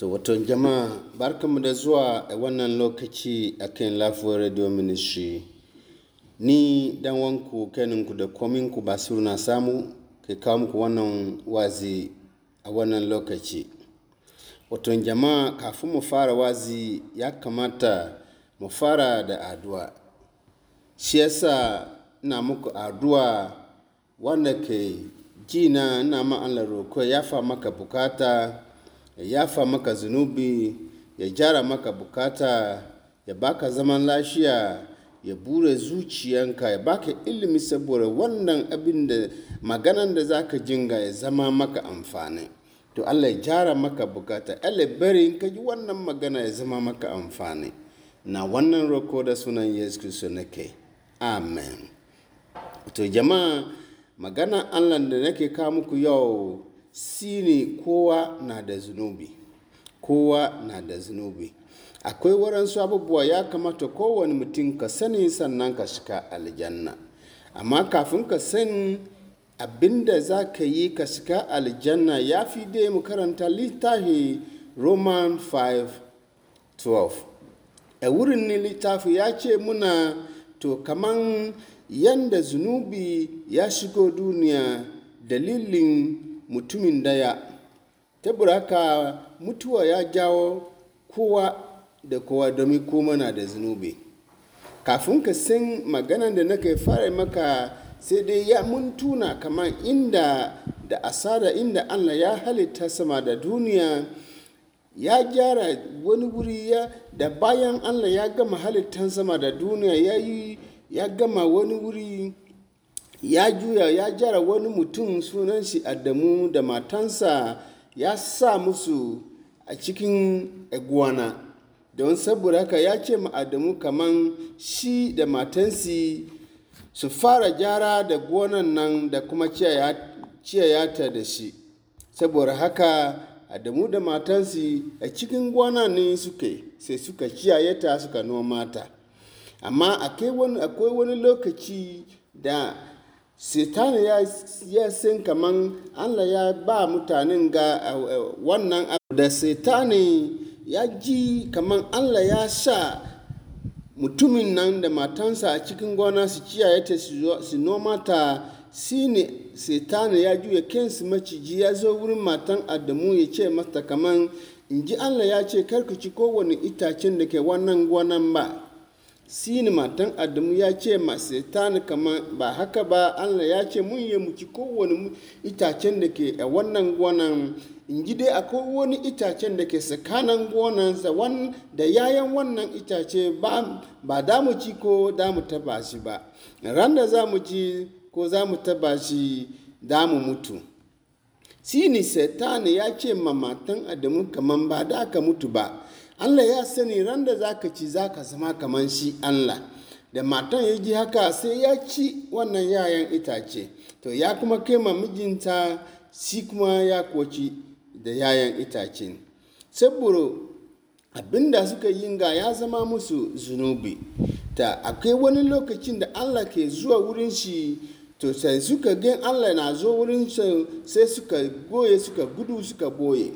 To wato jama'a barkanmu da zuwa a wannan lokaci a kan lafiyar Radio Ministry. Ni dan wanku kaninku da kominku Basiru na samu kai kawo muku wannan wazi a wannan lokaci. Wato jama'a kafin mu fara wazi ya kamata mu fara da addu'a. Shi yasa ina muku addu'a wanda ke ji na ina ma roko roƙo ya fa maka bukata ya yafa maka zunubi ya jara maka bukata ya baka zaman lafiya ya bure zuciyanka ya baka ilimi saboda wannan abin da maganan da zaka jinga ya zama maka amfani to Allah ya jara maka bukata Allah bari in ka ji wannan magana ya zama maka amfani na wannan roko da sunan Yesu Kristo nake amen to jama'a magana Allah da nake kawo muku yau shine kowa na da zunubi kowa na da zunubi akwai waransu abubuwa ya kamata kowane mutum ka sani sannan ka shiga aljanna amma kafin ka sani abinda za ka yi ka shiga aljanna ya fi dai mu karanta littafi roman 5:12 a wurin ne littafi ya ce muna to kaman yanda zunubi ya shigo duniya dalilin mutumin daya tabbura buraka mutuwa ya jawo kowa da kowa domin koma na da zunubi kafin ka san magana da kai fara maka sai dai ya mun tuna kamar inda da asada inda allah ya halitta sama da duniya ya gyara wani wuri ya da bayan allah ya gama halittan sama da duniya ya yi ya gama wani wuri ya juya ya jara wani mutum sunan shi Adamu da matansa ya sa musu a cikin egwana don saboda haka ya ce ma Adamu kaman shi da matansi su fara gyara da gonan nan da kuma ciyayata da shi saboda haka Adamu da matansi a cikin gona ne suke sai suka ciyayata suka noma ta amma akwai wani lokaci da Satan ya sin kaman Allah ya ba mutanen ga wannan abu da Satan ya ji kaman Allah ya sa mutumin nan da matansa a cikin gona su ciyaye ta su noma ta shi ne Satan ya juya kansu maciji ya zo wurin matan Adamu ya ce mata kaman in ji Allah ya ce karku ci kowane itacen da ke wannan gonan ba. sini matan adamu ya ce ma ni kama ba haka ba allah ya ce mun yi muci kowane itacen da ke a wannan gonan in ji dai akwai wani itacen da ke tsakanin gonansa da yayan wannan itace ba da mu ci ko da mu taba shi ba ran da za mu ci ko za mu taba shi da mu mutu sini ne ya ce ma matan adamu kaman ba da ka mutu ba Allah ya sani ran da zaka ci zaka zama kamar shi Allah da matan ya ji haka sai ya ci wannan yayan itace to ya kuma kai ma mijinta shi kuma ya koci da yayan itace saboda abinda suka yi ga ya zama musu zunubi ta akwai wani lokacin da Allah ke zuwa wurin shi to sai suka gan Allah na zo wurin sai suka goye suka gudu suka boye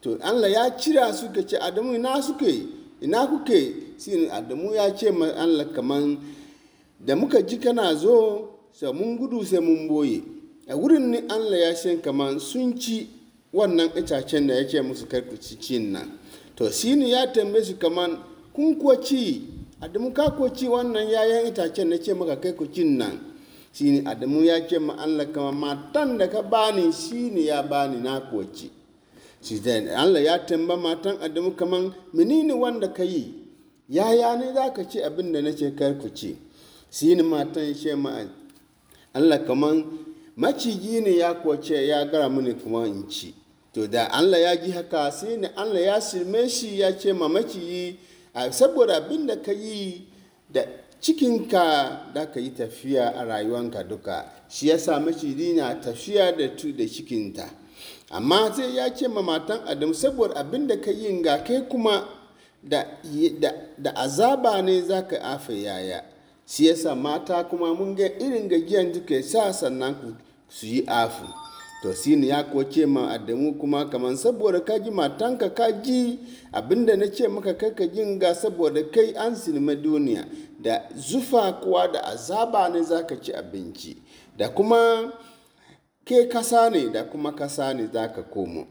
to Allah ya cira suka ce Adamu ina suke ina kuke shi Adamu ya ce ma Allah kaman da muka ji kana zo sai mun gudu sai mun boye a wurin ne Allah ya shen kaman sun ci wannan itacen da ya musu karku ci cin nan to shi ne ya tambaye su kaman kun ko ci Adamu ka ko ci wannan yayan itacen na ce maka kai ku cin nan shi ne Adamu ya ce ma Allah kaman matan da ka bani shi ne ya bani na ko ci shi zai Allah ya tamba matan Adamu kaman menene wanda ka yi yaya ne za ka ce abin da na ce kar ku ce shi ne matan shi ma Allah kaman maciji ne ya kwace ya gara mini kuma in ci to da Allah ya ji haka sai ne Allah ya sirme shi ya ce ma maciji saboda abin da ka yi da cikinka da ka yi tafiya a rayuwanka duka shi ya sa maciji na tafiya da tu da cikinta amma zai ya ce ma matan adam saboda abin da ka yin ga kai kuma da, da, da azaba ne za ka afa yaya shi yasa mata kuma mun ga irin gajiyan duka sa sannan su yi afu to shi ne ya ko ce ma adamu kuma kamar saboda ka ji matanka ka ji abinda na ce maka ka jin ga saboda kai an sinima duniya da zufa kuwa da azaba ne za ka ci abinci da kuma ke kasa ne da kuma kasa ne za ka komo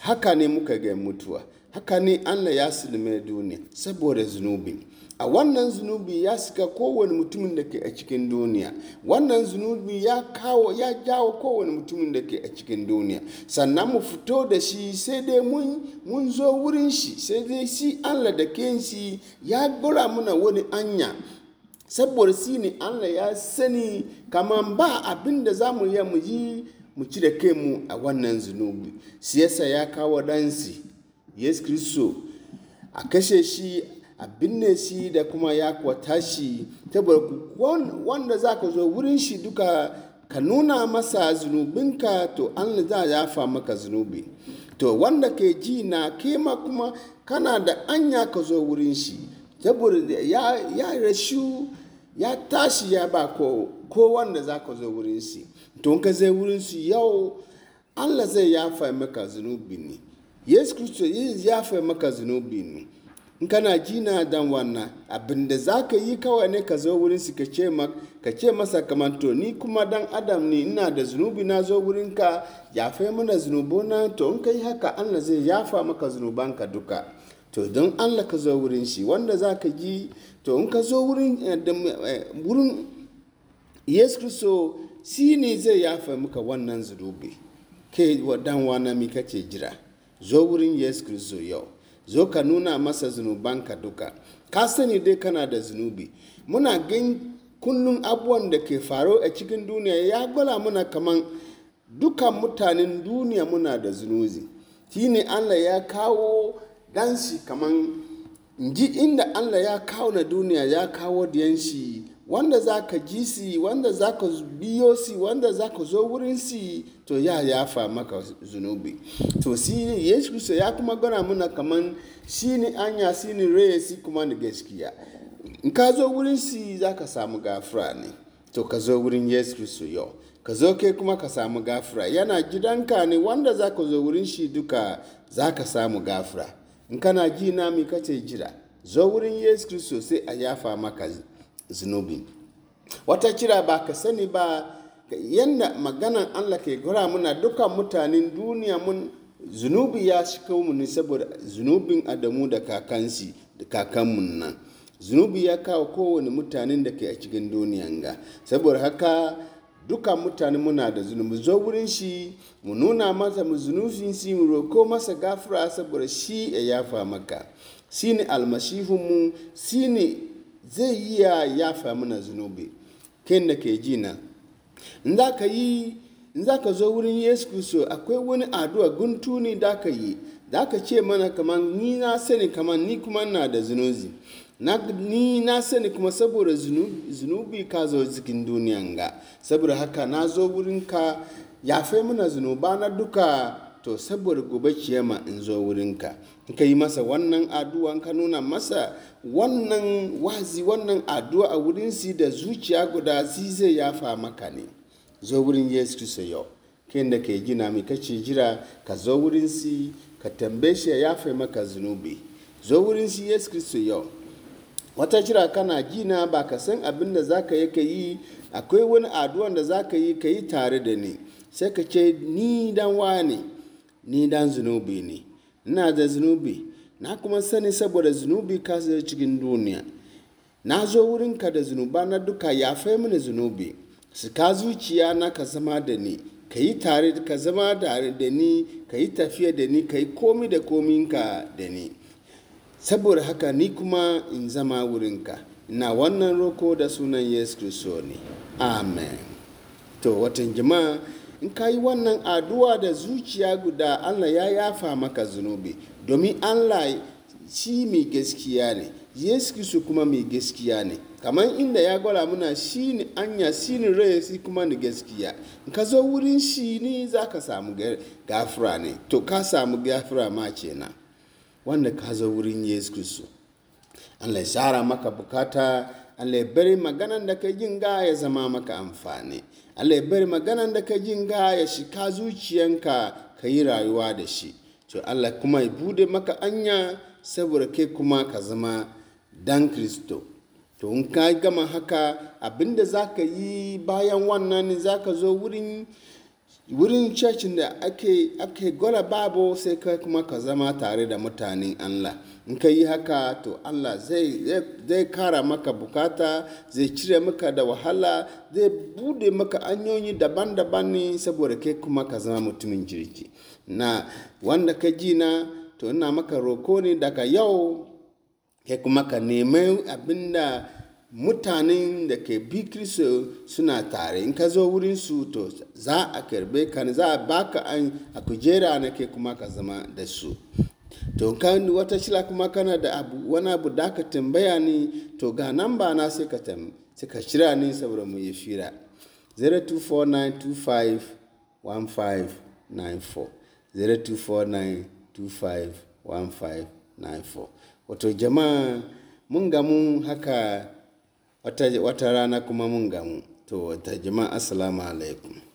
haka ne muka ga mutuwa haka ne allah ya silme duniya saboda zunubi a wannan zunubi ya sika kowane mutumin da ke a cikin duniya wannan zunubi ya kawo ya jawo kowane mutumin da ke a cikin duniya sannan mu fito da shi sai dai mun zo wurin shi sai dai shi allah da kenshi ya gura muna wani anya saboda sini ne Allah ya sani kaman ba abin da za mu iya mu yi mu cire a wannan zunubi siyasa ya kawo dansi yesu kristo a kashe shi a binne shi da kuma ya kuwa tashi saboda wanda za ka zo wurin shi duka ka nuna masa zunubinka to Allah za ya fa maka zunubi to wanda ke ji na kema kuma kana da anya ka zo wurin shi saboda ya, ya rashu ya tashi ya ba ko, ko wanda za ka zo wurin shi to ka zai wurin su yau Allah zai yafa maka zunubi ne Yesu Kristo ya yafa maka zunubi ne in kana jina dan wannan abin da za ka yi kawai ne ka zo wurin su ka ce masa kamar to ni kuma dan adam ne ina da zunubi na zo wurin ka yafe mana na to in ka yi haka Allah zai yafa maka ka duka to don allah ka zo wurin shi wanda za ka ji to in ka zo wurin eh, eh, wurin yesu kristo shi ne zai yafa muka wannan zurubi ke dan wana mi kace jira zo wurin yesu kristo yau zo ka nuna masa zunubanka duka ka sani dai kana da zunubi muna gan kullum abubuwan da ke faro a cikin duniya ya gwala muna kaman dukan mutanen duniya muna da zunubi ne allah ya kawo dan kaman ji inda Allah ya kawo na duniya ya kawo diyanshi wanda za ka ji si wanda za ka biyo si wanda za ka zo wurin si to ya fa maka zunubi to si yesu kristo ya kuma gana muna kaman shi ne anya shi ne reye si kuma da gaskiya in ka zo wurin si za ka samu gafura ne to ka zo wurin yesu kristo yau ka zo kai kuma ka samu gafura yana gidanka ne wanda za ka zo wurin shi duka za ka samu gafura in kana ji na mi kace jira zo wurin yesu kristo sai a yafa maka zunubi wata kira ba ka sani ba yadda maganan allah ke gura muna dukan mutanen duniya mun zunubi ya shiga mu ne saboda zunubin adamu da kakansi da kakanmu nan zunubi ya kawo kowane mutanen da ke a cikin duniyan ga saboda haka duka mutane muna da zunubi zo wurin shi mu nuna masa mu zunubin shi mu roko masa gafura saboda shi ya yafa maka shi ne mu shi ne zai iya yafa mana zunubi ken da ke ji na in za ka yi in za ka zo wurin yesu kristo akwai wani addu'a guntu ne da ka yi da ka ce mana kamar ni na sani kamar ni kuma na da zunubi ni na sani kuma saboda zunubi ka zo cikin duniyan ga saboda haka na zo ka ya fai mana zunuba na duka to saboda gobe ciyama in zo ka in ka yi masa wannan addu'a ka nuna masa wannan wazi wannan addu'a a wurin si da zuciya guda si zai yafa maka ne zo wurin yesu kristo yau kai da ke gina mai kace jira ka zo wurin si ka tambaye shi ya fai maka zunubi zo wurin si yesu kristo yau wata jira kana gina ba ka san abin da za ka yi ka yi akwai wani addu'an da za ka yi ka yi tare da ni sai ka ce ni dan wane ni dan zunubi ne ina da zunubi na kuma sani saboda zunubi ka zai cikin duniya na zo wurin ka da zunuba na duka ya fai mini zunubi su ka zuciya na ka zama da ni ka yi tare ka zama da ni ka yi tafiya da ni ka yi komi da ka da ni saboda haka ni kuma in zama wurinka na wannan roko da sunan yesu kristo ne amen to watan jama'a in ka yi wannan aduwa da zuciya guda allah ya yafa maka zunubi domin allah shi mai gaskiya ne yesu kristo kuma mai gaskiya ne kamar inda ya gwara muna shi ne anya shi ne rai kuma ni gaskiya in ka zo wurin shi ne za ka samu gafura ne to ka samu gafura ma kenan wanda ka zo wurin Yesu Kristo. Allah ya shara maka bukata, Allah ya bari maganan da ka yi ga ya zama maka amfani. Allah ya bari maganan da ka yi ga ya shika zuciyanka ka yi rayuwa da shi. To Allah kuma ya bude maka anya saboda kai kuma ka zama dan Kristo. To in ka gama haka abinda za ka yi bayan wannan za ka zo wurin wurin cocin da ake ake babu sai kai kuma ka zama tare da mutanen Allah in ka yi haka to Allah zai zai kara maka bukata zai cire maka da wahala zai bude maka hanyoyi daban-daban ne saboda kai kuma ka zama mutumin jirgi. na wanda ka ji na to ina maka roko ne daga yau kai kuma ka nemi abinda mutanen da ke bi kristo suna tare in ka zo wurin su to za a karbe ka za a baka an a kujera na ke kuma ka zama da su to kan wata shila kuma kana da abu wani abu da ka tambaya ni to ga nan ba na sai ka tam sai ka shira ni saboda mu yi fira 0249251594 0249251594 wato jama'a mun gamu haka wata rana kuma mun gamu to wata jima'a, assalamu alaikum